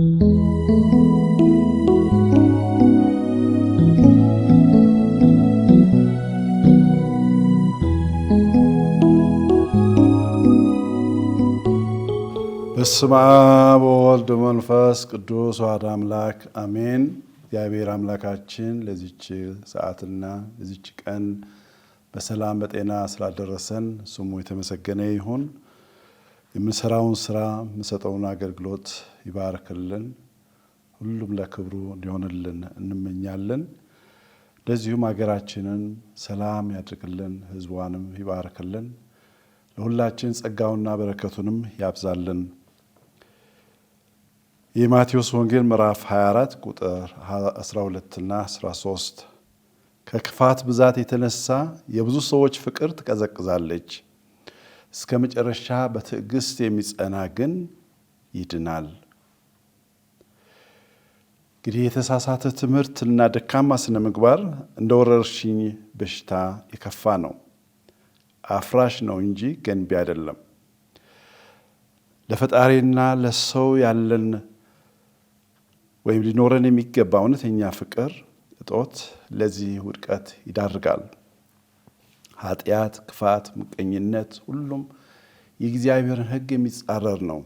በስመ አብ ወወልድ መንፈስ ቅዱስ ዋህድ አምላክ አሜን። እግዚአብሔር አምላካችን ለዚች ሰዓትና ለዚች ቀን በሰላም በጤና ስላደረሰን ስሙ የተመሰገነ ይሁን። የምሰራውን ስራ የምሰጠውን አገልግሎት ይባርክልን። ሁሉም ለክብሩ እንዲሆንልን እንመኛለን። እንደዚሁም ሀገራችንን ሰላም ያድርግልን፣ ህዝቧንም ይባርክልን። ለሁላችን ጸጋውና በረከቱንም ያብዛልን። የማቴዎስ ወንጌል ምዕራፍ 24 ቁጥር 12ና 13 ከክፋት ብዛት የተነሳ የብዙ ሰዎች ፍቅር ትቀዘቅዛለች እስከ መጨረሻ በትዕግስት የሚጸና ግን ይድናል። እንግዲህ የተሳሳተ ትምህርት እና ደካማ ስነ ምግባር እንደ ወረርሽኝ በሽታ የከፋ ነው። አፍራሽ ነው እንጂ ገንቢ አይደለም። ለፈጣሪና ለሰው ያለን ወይም ሊኖረን የሚገባ እውነተኛ ፍቅር እጦት ለዚህ ውድቀት ይዳርጋል። ኃጢአት፣ ክፋት፣ ምቀኝነት ሁሉም የእግዚአብሔርን ሕግ የሚጻረር ነው።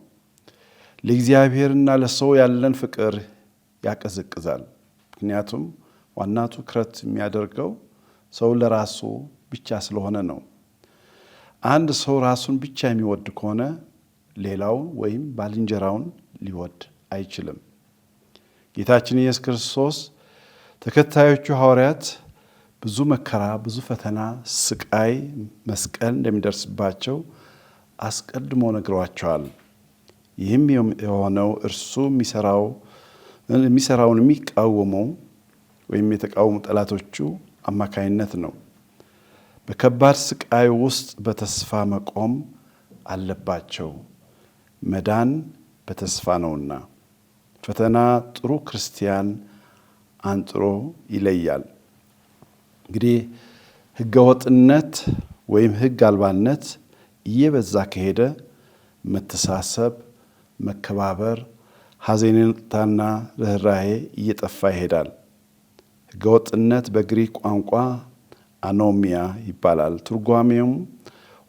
ለእግዚአብሔርና ለሰው ያለን ፍቅር ያቀዘቅዛል። ምክንያቱም ዋና ትኩረት የሚያደርገው ሰው ለራሱ ብቻ ስለሆነ ነው። አንድ ሰው ራሱን ብቻ የሚወድ ከሆነ ሌላውን ወይም ባልንጀራውን ሊወድ አይችልም። ጌታችን ኢየሱስ ክርስቶስ ተከታዮቹ ሐዋርያት ብዙ መከራ፣ ብዙ ፈተና፣ ስቃይ፣ መስቀል እንደሚደርስባቸው አስቀድሞ ነግሯቸዋል። ይህም የሆነው እርሱ የሚሰራውን የሚቃወመው ወይም የተቃወሙ ጠላቶቹ አማካይነት ነው። በከባድ ስቃይ ውስጥ በተስፋ መቆም አለባቸው። መዳን በተስፋ ነውና፣ ፈተና ጥሩ ክርስቲያን አንጥሮ ይለያል። እንግዲህ ህገወጥነት ወይም ህግ አልባነት እየበዛ ከሄደ መተሳሰብ፣ መከባበር፣ ሐዘኔታና ርኅራሄ እየጠፋ ይሄዳል። ህገወጥነት በግሪክ ቋንቋ አኖሚያ ይባላል። ትርጓሜውም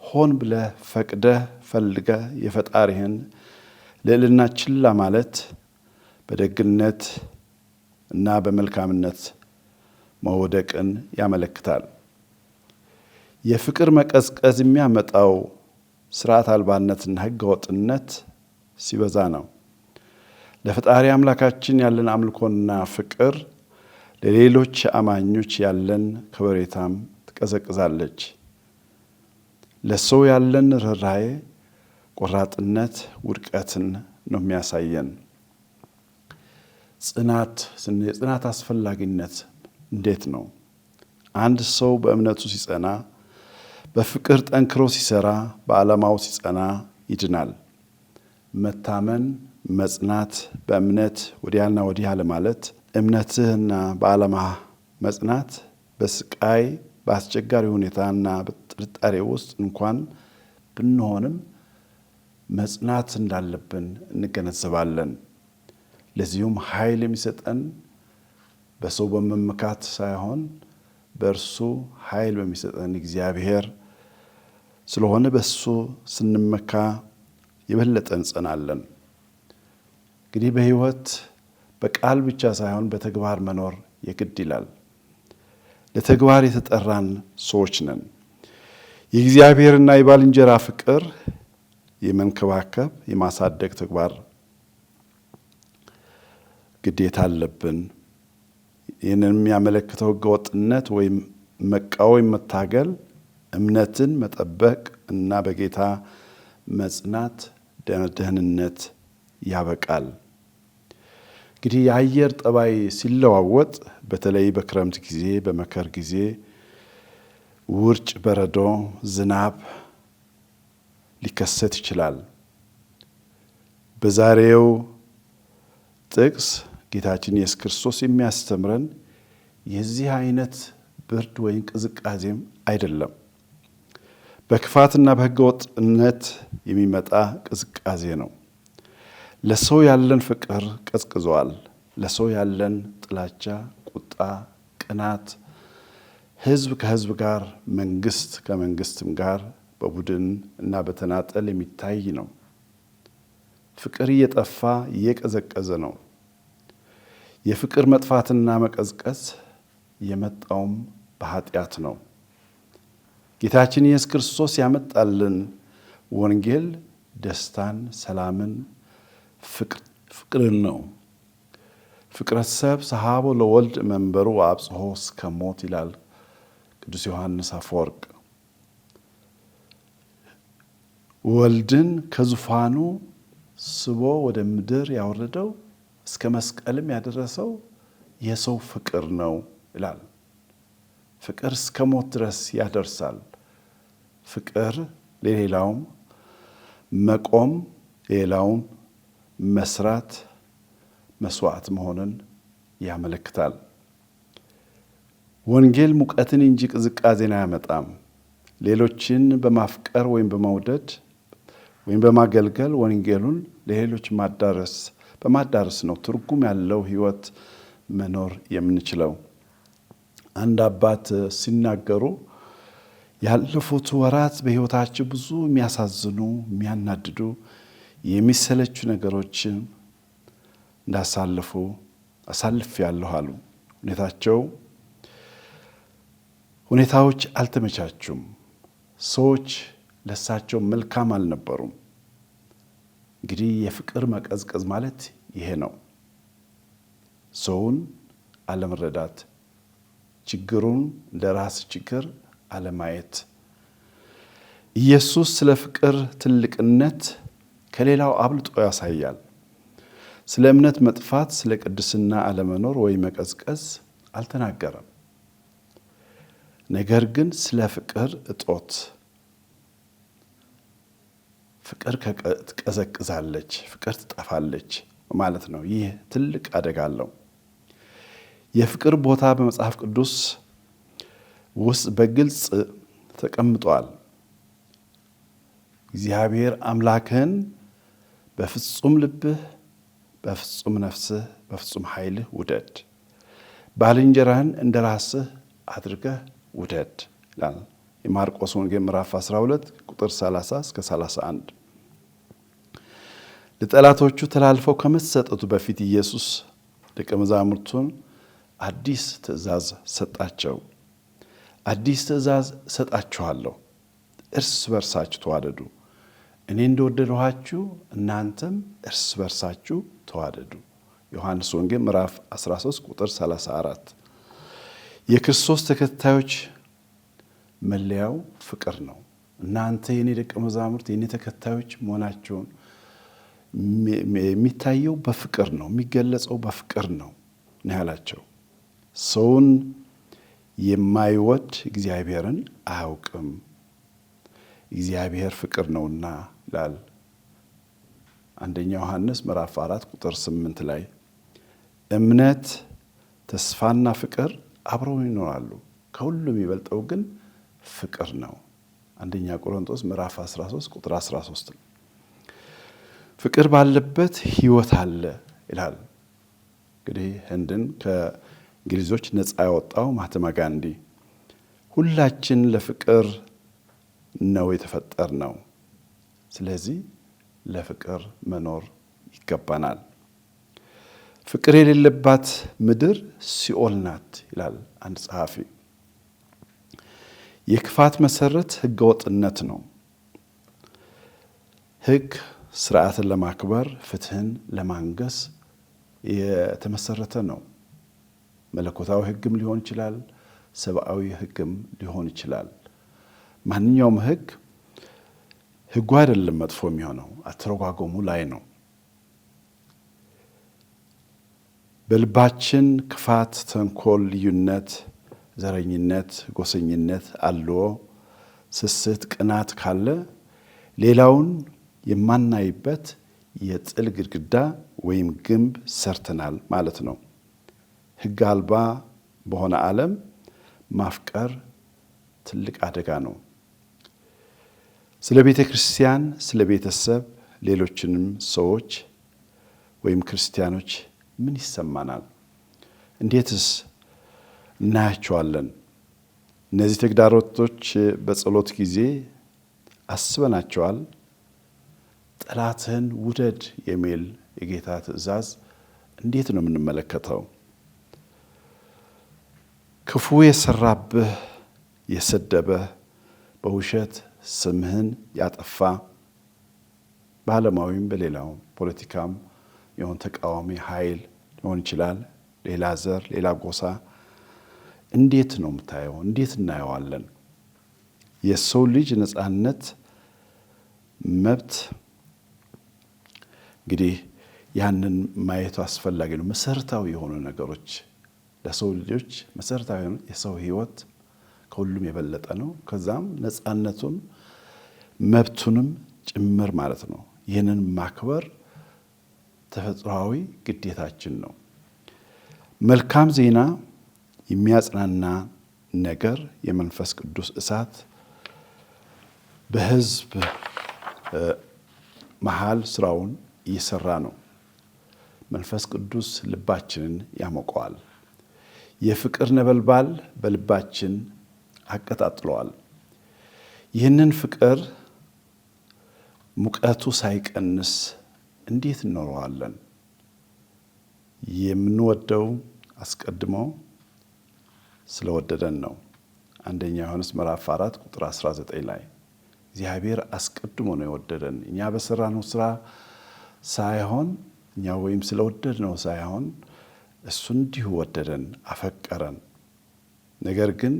ሆን ብለህ ፈቅደህ ፈልገህ የፈጣሪህን ልዕልና ችላ ማለት በደግነት እና በመልካምነት መውደቅን ያመለክታል። የፍቅር መቀዝቀዝ የሚያመጣው ስርዓት አልባነትና ህገወጥነት ሲበዛ ነው። ለፈጣሪ አምላካችን ያለን አምልኮና ፍቅር ለሌሎች አማኞች ያለን ከበሬታም ትቀዘቅዛለች። ለሰው ያለን ርኅራዬ ቆራጥነት ውድቀትን ነው የሚያሳየን። ጽናት የጽናት አስፈላጊነት እንዴት ነው? አንድ ሰው በእምነቱ ሲጸና፣ በፍቅር ጠንክሮ ሲሰራ፣ በዓላማው ሲጸና ይድናል። መታመን፣ መጽናት፣ በእምነት ወዲያና ወዲህ አለማለት፣ እምነትህና በዓላማህ መጽናት በስቃይ በአስቸጋሪ ሁኔታና በጥርጣሬ ውስጥ እንኳን ብንሆንም መጽናት እንዳለብን እንገነዘባለን። ለዚሁም ኃይል የሚሰጠን በሰው በመመካት ሳይሆን በእርሱ ኃይል በሚሰጠን እግዚአብሔር ስለሆነ በሱ ስንመካ የበለጠ እንጸናለን። እንግዲህ በህይወት በቃል ብቻ ሳይሆን በተግባር መኖር የግድ ይላል። ለተግባር የተጠራን ሰዎች ነን። የእግዚአብሔርና የባልንጀራ ፍቅር የመንከባከብ የማሳደግ ተግባር ግዴታ አለብን። ይህንን የሚያመለክተው ህገወጥነት ወይም መቃወም፣ መታገል፣ እምነትን መጠበቅ እና በጌታ መጽናት ደህንነት ያበቃል። እንግዲህ የአየር ጠባይ ሲለዋወጥ በተለይ በክረምት ጊዜ፣ በመከር ጊዜ ውርጭ፣ በረዶ፣ ዝናብ ሊከሰት ይችላል። በዛሬው ጥቅስ ጌታችን ኢየሱስ ክርስቶስ የሚያስተምረን የዚህ አይነት ብርድ ወይም ቅዝቃዜም አይደለም። በክፋትና በህገወጥነት የሚመጣ ቅዝቃዜ ነው። ለሰው ያለን ፍቅር ቀዝቅዘዋል ለሰው ያለን ጥላቻ፣ ቁጣ፣ ቅናት፣ ህዝብ ከህዝብ ጋር፣ መንግስት ከመንግስትም ጋር በቡድን እና በተናጠል የሚታይ ነው። ፍቅር እየጠፋ እየቀዘቀዘ ነው። የፍቅር መጥፋትና መቀዝቀዝ የመጣውም በኃጢአት ነው። ጌታችን ኢየሱስ ክርስቶስ ያመጣልን ወንጌል ደስታን፣ ሰላምን፣ ፍቅርን ነው። ፍቅረ ሰብ ሰሃቦ ለወልድ መንበሩ አብጽሖ እስከ ሞት ይላል ቅዱስ ዮሐንስ አፈወርቅ። ወልድን ከዙፋኑ ስቦ ወደ ምድር ያወረደው እስከ መስቀልም ያደረሰው የሰው ፍቅር ነው ይላል። ፍቅር እስከ ሞት ድረስ ያደርሳል። ፍቅር ለሌላውም መቆም፣ ሌላውም መስራት፣ መስዋዕት መሆንን ያመለክታል። ወንጌል ሙቀትን እንጂ ቅዝቃዜን አያመጣም። ሌሎችን በማፍቀር ወይም በመውደድ ወይም በማገልገል ወንጌሉን ለሌሎች ማዳረስ በማዳረስ ነው ትርጉም ያለው ህይወት መኖር የምንችለው። አንድ አባት ሲናገሩ ያለፉት ወራት በህይወታቸው ብዙ የሚያሳዝኑ፣ የሚያናድዱ፣ የሚሰለቹ ነገሮችን እንዳሳልፉ አሳልፍ ያለሁ አሉ። ሁኔታቸው ሁኔታዎች አልተመቻቹም። ሰዎች ለሳቸው መልካም አልነበሩም። እንግዲህ የፍቅር መቀዝቀዝ ማለት ይሄ ነው። ሰውን አለመረዳት፣ ችግሩን ለራስ ችግር አለማየት። ኢየሱስ ስለ ፍቅር ትልቅነት ከሌላው አብልጦ ያሳያል። ስለ እምነት መጥፋት፣ ስለ ቅድስና አለመኖር ወይ መቀዝቀዝ አልተናገረም። ነገር ግን ስለ ፍቅር እጦት ፍቅር ትቀዘቅዛለች፣ ፍቅር ትጠፋለች ማለት ነው። ይህ ትልቅ አደጋ አለው። የፍቅር ቦታ በመጽሐፍ ቅዱስ ውስጥ በግልጽ ተቀምጧል። እግዚአብሔር አምላክህን በፍጹም ልብህ፣ በፍጹም ነፍስህ፣ በፍጹም ኃይልህ ውደድ፣ ባልንጀራህን እንደ ራስህ አድርገህ ውደድ ይላል የማርቆስ ወንጌል ምዕራፍ 12 ቁጥር 30 እስከ 31 ለጠላቶቹ ተላልፈው ከመሰጠቱ በፊት ኢየሱስ ደቀ መዛሙርቱን አዲስ ትእዛዝ ሰጣቸው። አዲስ ትእዛዝ ሰጣችኋለሁ፣ እርስ በርሳችሁ ተዋደዱ። እኔ እንደወደድኋችሁ እናንተም እርስ በርሳችሁ ተዋደዱ። ዮሐንስ ወንጌል ምዕራፍ 13 ቁጥር 34። የክርስቶስ ተከታዮች መለያው ፍቅር ነው። እናንተ የኔ ደቀ መዛሙርት የኔ ተከታዮች መሆናቸውን የሚታየው በፍቅር ነው፣ የሚገለጸው በፍቅር ነው ነው ያላቸው። ሰውን የማይወድ እግዚአብሔርን አያውቅም፣ እግዚአብሔር ፍቅር ነውና ይላል አንደኛ ዮሐንስ ምዕራፍ አራት ቁጥር ስምንት ላይ እምነት ተስፋና ፍቅር አብረው ይኖራሉ። ከሁሉም የሚበልጠው ግን ፍቅር ነው። አንደኛ ቆሮንቶስ ምዕራፍ 13 ቁጥር 13 ነው። ፍቅር ባለበት ህይወት አለ ይላል። እንግዲህ ህንድን ከእንግሊዞች ነፃ ያወጣው ማህተማ ጋንዲ ሁላችን ለፍቅር ነው የተፈጠር ነው። ስለዚህ ለፍቅር መኖር ይገባናል። ፍቅር የሌለባት ምድር ሲኦል ናት ይላል አንድ ጸሐፊ። የክፋት መሰረት ህገወጥነት ነው። ህግ ስርዓትን ለማክበር ፍትህን ለማንገስ የተመሰረተ ነው። መለኮታዊ ህግም ሊሆን ይችላል፣ ሰብአዊ ህግም ሊሆን ይችላል። ማንኛውም ህግ ህጉ አይደለም መጥፎ የሚሆነው አተረጓጎሙ ላይ ነው። በልባችን ክፋት፣ ተንኮል፣ ልዩነት ዘረኝነት፣ ጎሰኝነት፣ አልዎ፣ ስስት፣ ቅናት ካለ ሌላውን የማናይበት የጥል ግድግዳ ወይም ግንብ ሰርተናል ማለት ነው። ሕግ አልባ በሆነ ዓለም ማፍቀር ትልቅ አደጋ ነው። ስለ ቤተ ክርስቲያን፣ ስለ ቤተሰብ፣ ሌሎችንም ሰዎች ወይም ክርስቲያኖች ምን ይሰማናል? እንዴትስ እናያቸዋለን። እነዚህ ተግዳሮቶች በጸሎት ጊዜ አስበናቸዋል። ጠላትህን ውደድ የሚል የጌታ ትእዛዝ እንዴት ነው የምንመለከተው? ክፉ የሰራብህ የሰደበህ፣ በውሸት ስምህን ያጠፋ በዓለማዊም በሌላው ፖለቲካም የሆን ተቃዋሚ ኃይል ሊሆን ይችላል። ሌላ ዘር፣ ሌላ ጎሳ እንዴት ነው የምታየው? እንዴት እናየዋለን? የሰው ልጅ ነፃነት መብት እንግዲህ ያንን ማየቱ አስፈላጊ ነው። መሰረታዊ የሆኑ ነገሮች ለሰው ልጆች መሰረታዊ የሆኑ የሰው ህይወት ከሁሉም የበለጠ ነው። ከዛም ነፃነቱን መብቱንም ጭምር ማለት ነው። ይህንን ማክበር ተፈጥሯዊ ግዴታችን ነው። መልካም ዜና የሚያጽናና ነገር የመንፈስ ቅዱስ እሳት በህዝብ መሃል ስራውን እየሰራ ነው። መንፈስ ቅዱስ ልባችንን ያሞቀዋል። የፍቅር ነበልባል በልባችን አቀጣጥለዋል። ይህንን ፍቅር ሙቀቱ ሳይቀንስ እንዴት እንኖረዋለን? የምንወደው አስቀድሞ ስለወደደን ነው። አንደኛ ዮሐንስ ምዕራፍ 4 ቁጥር 19 ላይ እግዚአብሔር አስቀድሞ ነው የወደደን። እኛ በሰራነው ስራ ሳይሆን እኛ ወይም ስለወደድነው ሳይሆን እሱ እንዲሁ ወደደን፣ አፈቀረን። ነገር ግን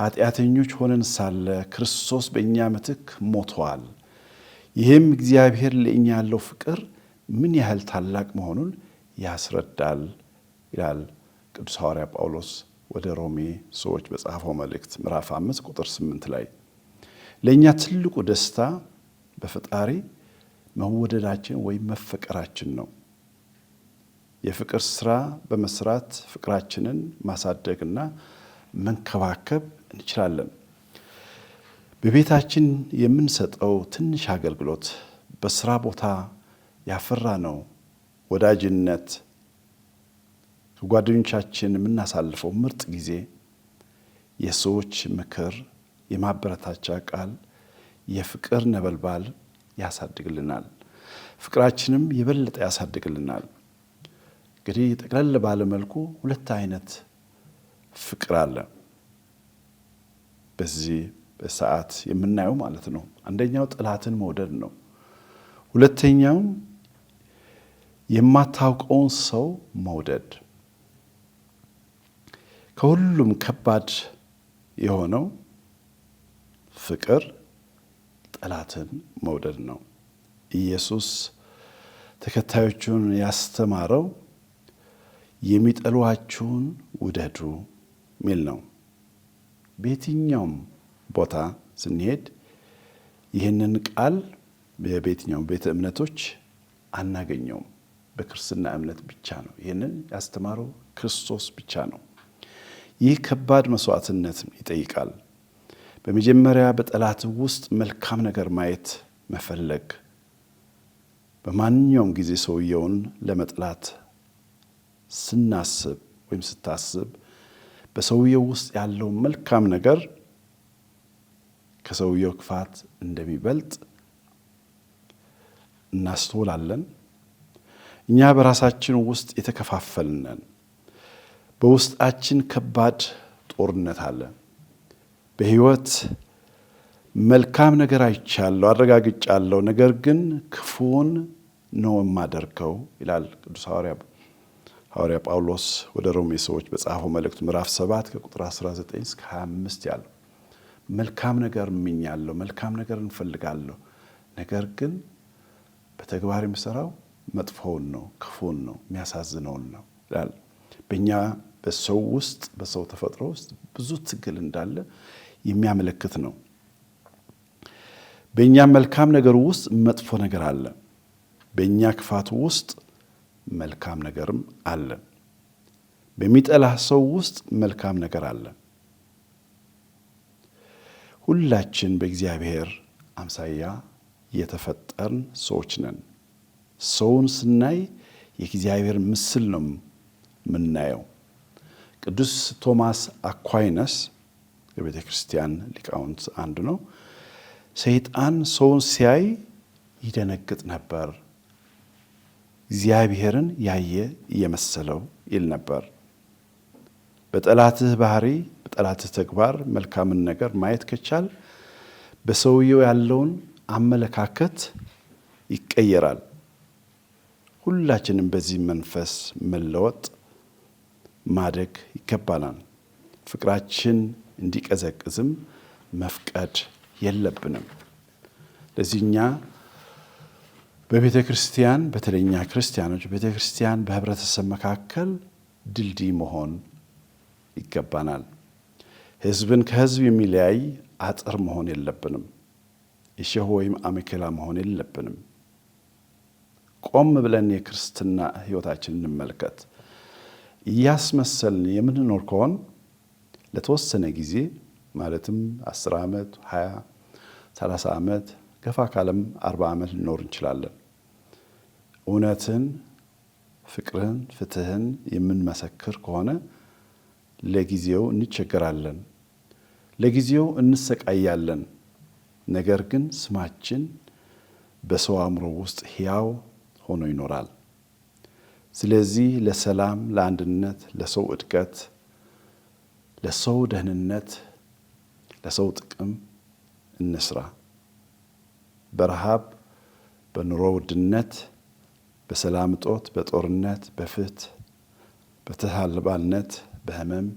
ኃጢአተኞች ሆነን ሳለ ክርስቶስ በእኛ ምትክ ሞቷል። ይህም እግዚአብሔር ለእኛ ያለው ፍቅር ምን ያህል ታላቅ መሆኑን ያስረዳል ይላል ቅዱስ ሐዋርያ ጳውሎስ ወደ ሮሜ ሰዎች በጻፈው መልእክት ምዕራፍ አምስት ቁጥር ስምንት ላይ ለእኛ ትልቁ ደስታ በፈጣሪ መወደዳችን ወይም መፈቀራችን ነው። የፍቅር ስራ በመስራት ፍቅራችንን ማሳደግና መንከባከብ እንችላለን። በቤታችን የምንሰጠው ትንሽ አገልግሎት፣ በስራ ቦታ ያፈራ ነው። ወዳጅነት ከጓደኞቻችን የምናሳልፈው ምርጥ ጊዜ የሰዎች ምክር፣ የማበረታቻ ቃል፣ የፍቅር ነበልባል ያሳድግልናል። ፍቅራችንም የበለጠ ያሳድግልናል። እንግዲህ ጠቅለል ባለ መልኩ ሁለት አይነት ፍቅር አለ በዚህ በሰዓት የምናየው ማለት ነው። አንደኛው ጠላትን መውደድ ነው። ሁለተኛው የማታውቀውን ሰው መውደድ ከሁሉም ከባድ የሆነው ፍቅር ጠላትን መውደድ ነው። ኢየሱስ ተከታዮቹን ያስተማረው የሚጠሏችሁን ውደዱ ሚል ነው። በየትኛውም ቦታ ስንሄድ ይህንን ቃል በየትኛውም ቤተ እምነቶች አናገኘውም። በክርስትና እምነት ብቻ ነው። ይህንን ያስተማረው ክርስቶስ ብቻ ነው። ይህ ከባድ መስዋዕትነት ይጠይቃል። በመጀመሪያ በጠላት ውስጥ መልካም ነገር ማየት መፈለግ፣ በማንኛውም ጊዜ ሰውየውን ለመጥላት ስናስብ ወይም ስታስብ በሰውየው ውስጥ ያለው መልካም ነገር ከሰውየው ክፋት እንደሚበልጥ እናስተውላለን። እኛ በራሳችን ውስጥ የተከፋፈልነን በውስጣችን ከባድ ጦርነት አለ። በህይወት መልካም ነገር አይቻለሁ፣ አረጋግጫለሁ፣ ነገር ግን ክፉውን ነው የማደርገው ይላል ቅዱስ ሐዋርያ ጳውሎስ ወደ ሮሜ ሰዎች በጻፈው መልእክቱ ምዕራፍ 7 ከቁጥር 19 እስከ 25 ያለው መልካም ነገር እምኛለሁ፣ መልካም ነገር እንፈልጋለሁ፣ ነገር ግን በተግባር የሚሰራው መጥፎውን ነው፣ ክፉውን ነው፣ የሚያሳዝነውን ነው ይላል። በእኛ በሰው ውስጥ በሰው ተፈጥሮ ውስጥ ብዙ ትግል እንዳለ የሚያመለክት ነው። በእኛ መልካም ነገር ውስጥ መጥፎ ነገር አለ። በእኛ ክፋት ውስጥ መልካም ነገርም አለ። በሚጠላህ ሰው ውስጥ መልካም ነገር አለ። ሁላችን በእግዚአብሔር አምሳያ የተፈጠርን ሰዎች ነን። ሰውን ስናይ የእግዚአብሔር ምስል ነው የምናየው። ቅዱስ ቶማስ አኳይነስ የቤተ ክርስቲያን ሊቃውንት አንዱ ነው። ሰይጣን ሰውን ሲያይ ይደነግጥ ነበር፣ እግዚአብሔርን ያየ እየመሰለው ይል ነበር። በጠላትህ ባህሪ፣ በጠላትህ ተግባር መልካምን ነገር ማየት ከቻል በሰውየው ያለውን አመለካከት ይቀየራል። ሁላችንም በዚህ መንፈስ መለወጥ ማደግ ይገባናል። ፍቅራችን እንዲቀዘቅዝም መፍቀድ የለብንም። ለዚህ እኛ በቤተ ክርስቲያን በተለይ ክርስቲያኖች ቤተ ክርስቲያን በህብረተሰብ መካከል ድልድይ መሆን ይገባናል። ህዝብን ከህዝብ የሚለያይ አጥር መሆን የለብንም። እሸህ ወይም አሜኬላ መሆን የለብንም። ቆም ብለን የክርስትና ህይወታችን እንመልከት። እያስመሰልን የምንኖር ከሆን ለተወሰነ ጊዜ ማለትም 10 ዓመት፣ 20፣ 30 ዓመት ገፋ ካለም 40 ዓመት ልኖር እንችላለን። እውነትን፣ ፍቅርን፣ ፍትህን የምንመሰክር ከሆነ ለጊዜው እንቸገራለን፣ ለጊዜው እንሰቃያለን። ነገር ግን ስማችን በሰው አእምሮ ውስጥ ሕያው ሆኖ ይኖራል። ስለዚህ ለሰላም፣ ለአንድነት፣ ለሰው እድገት፣ ለሰው ደህንነት፣ ለሰው ጥቅም እንስራ። በረሃብ፣ በኑሮ ውድነት፣ በሰላም እጦት፣ በጦርነት፣ በፍት በተሳልባልነት በህመም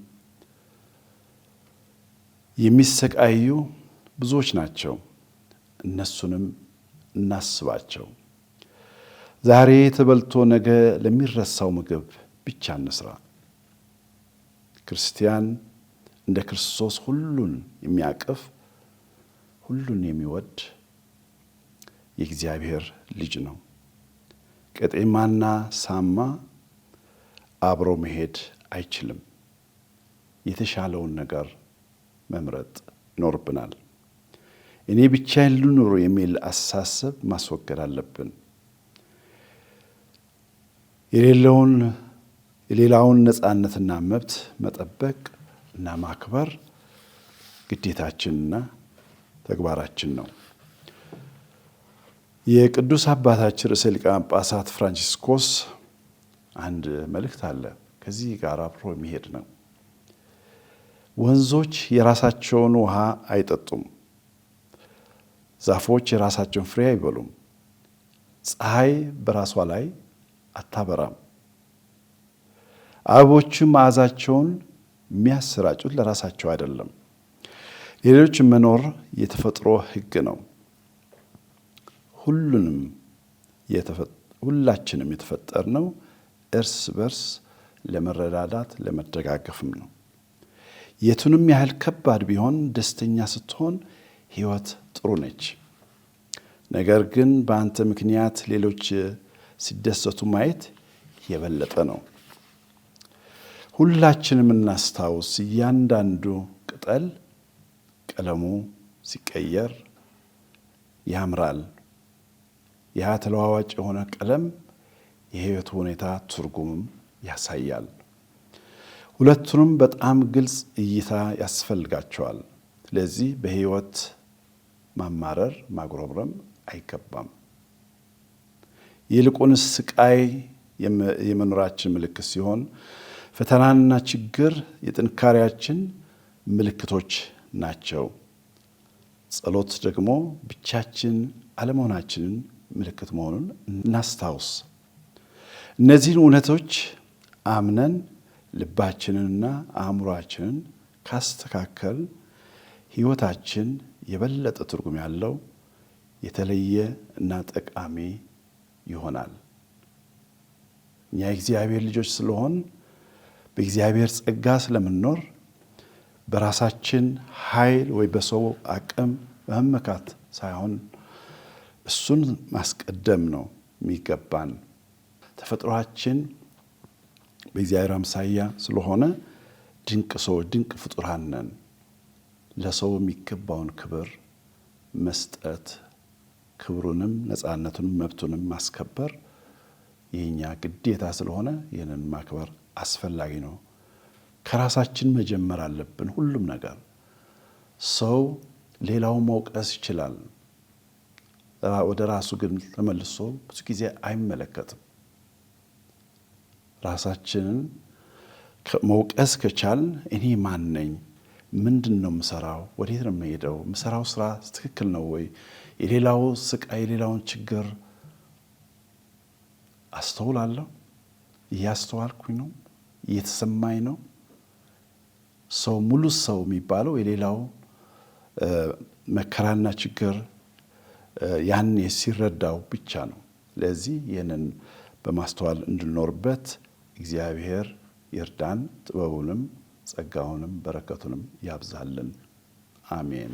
የሚሰቃዩ ብዙዎች ናቸው። እነሱንም እናስባቸው። ዛሬ ተበልቶ ነገ ለሚረሳው ምግብ ብቻ እንስራ። ክርስቲያን እንደ ክርስቶስ ሁሉን የሚያቅፍ ሁሉን የሚወድ የእግዚአብሔር ልጅ ነው። ቀጤማና ሳማ አብሮ መሄድ አይችልም። የተሻለውን ነገር መምረጥ ይኖርብናል። እኔ ብቻዬን ልኑር የሚል አሳሰብ ማስወገድ አለብን። የሌለውን የሌላውን ነፃነትና መብት መጠበቅ እና ማክበር ግዴታችንና ተግባራችን ነው። የቅዱስ አባታችን ርዕሰ ሊቃነ ጳጳሳት ፍራንቺስኮስ አንድ መልእክት አለ። ከዚህ ጋር አብሮ የሚሄድ ነው። ወንዞች የራሳቸውን ውሃ አይጠጡም፣ ዛፎች የራሳቸውን ፍሬ አይበሉም፣ ፀሐይ በራሷ ላይ አታበራም። አበቦቹም መዓዛቸውን የሚያሰራጩት ለራሳቸው አይደለም፣ ሌሎች መኖር የተፈጥሮ ሕግ ነው። ሁሉንም ሁላችንም የተፈጠርነው እርስ በርስ ለመረዳዳት ለመደጋገፍም ነው። የቱንም ያህል ከባድ ቢሆን ደስተኛ ስትሆን ህይወት ጥሩ ነች። ነገር ግን በአንተ ምክንያት ሌሎች ሲደሰቱ ማየት የበለጠ ነው። ሁላችንም እናስታውስ፣ እያንዳንዱ ቅጠል ቀለሙ ሲቀየር ያምራል። ያ ተለዋዋጭ የሆነ ቀለም የህይወት ሁኔታ ትርጉምም ያሳያል። ሁለቱንም በጣም ግልጽ እይታ ያስፈልጋቸዋል። ስለዚህ በህይወት ማማረር ማጉረምረም አይገባም። ይልቁንስ ስቃይ የመኖራችን ምልክት ሲሆን ፈተናና ችግር የጥንካሬያችን ምልክቶች ናቸው። ጸሎት ደግሞ ብቻችን አለመሆናችንን ምልክት መሆኑን እናስታውስ። እነዚህን እውነቶች አምነን ልባችንንና አእምሯችንን ካስተካከል ሕይወታችን የበለጠ ትርጉም ያለው የተለየ እና ጠቃሚ ይሆናል። እኛ የእግዚአብሔር ልጆች ስለሆን በእግዚአብሔር ጸጋ ስለምንኖር በራሳችን ኃይል ወይ በሰው አቅም መመካት ሳይሆን እሱን ማስቀደም ነው የሚገባን። ተፈጥሯችን በእግዚአብሔር አምሳያ ስለሆነ ድንቅ ሰው ድንቅ ፍጡራን ነን። ለሰው የሚገባውን ክብር መስጠት ክብሩንም ነፃነቱንም መብቱንም ማስከበር ይህኛ ግዴታ ስለሆነ ይህንን ማክበር አስፈላጊ ነው። ከራሳችን መጀመር አለብን። ሁሉም ነገር ሰው ሌላው መውቀስ ይችላል። ወደ ራሱ ግን ተመልሶ ብዙ ጊዜ አይመለከትም። ራሳችንን መውቀስ ከቻል እኔ ማን ነኝ? ምንድን ነው የምሰራው? ወዴት ነው የምሄደው? የምሰራው ስራ ትክክል ነው ወይ? የሌላው ስቃይ፣ የሌላውን ችግር አስተውላለሁ። እያስተዋልኩኝ ነው፣ እየተሰማኝ ነው። ሰው ሙሉ ሰው የሚባለው የሌላው መከራና ችግር ያኔ ሲረዳው ብቻ ነው። ለዚህ ይህንን በማስተዋል እንድንኖርበት እግዚአብሔር ይርዳን፣ ጥበቡንም ጸጋውንም በረከቱንም ያብዛልን። አሜን።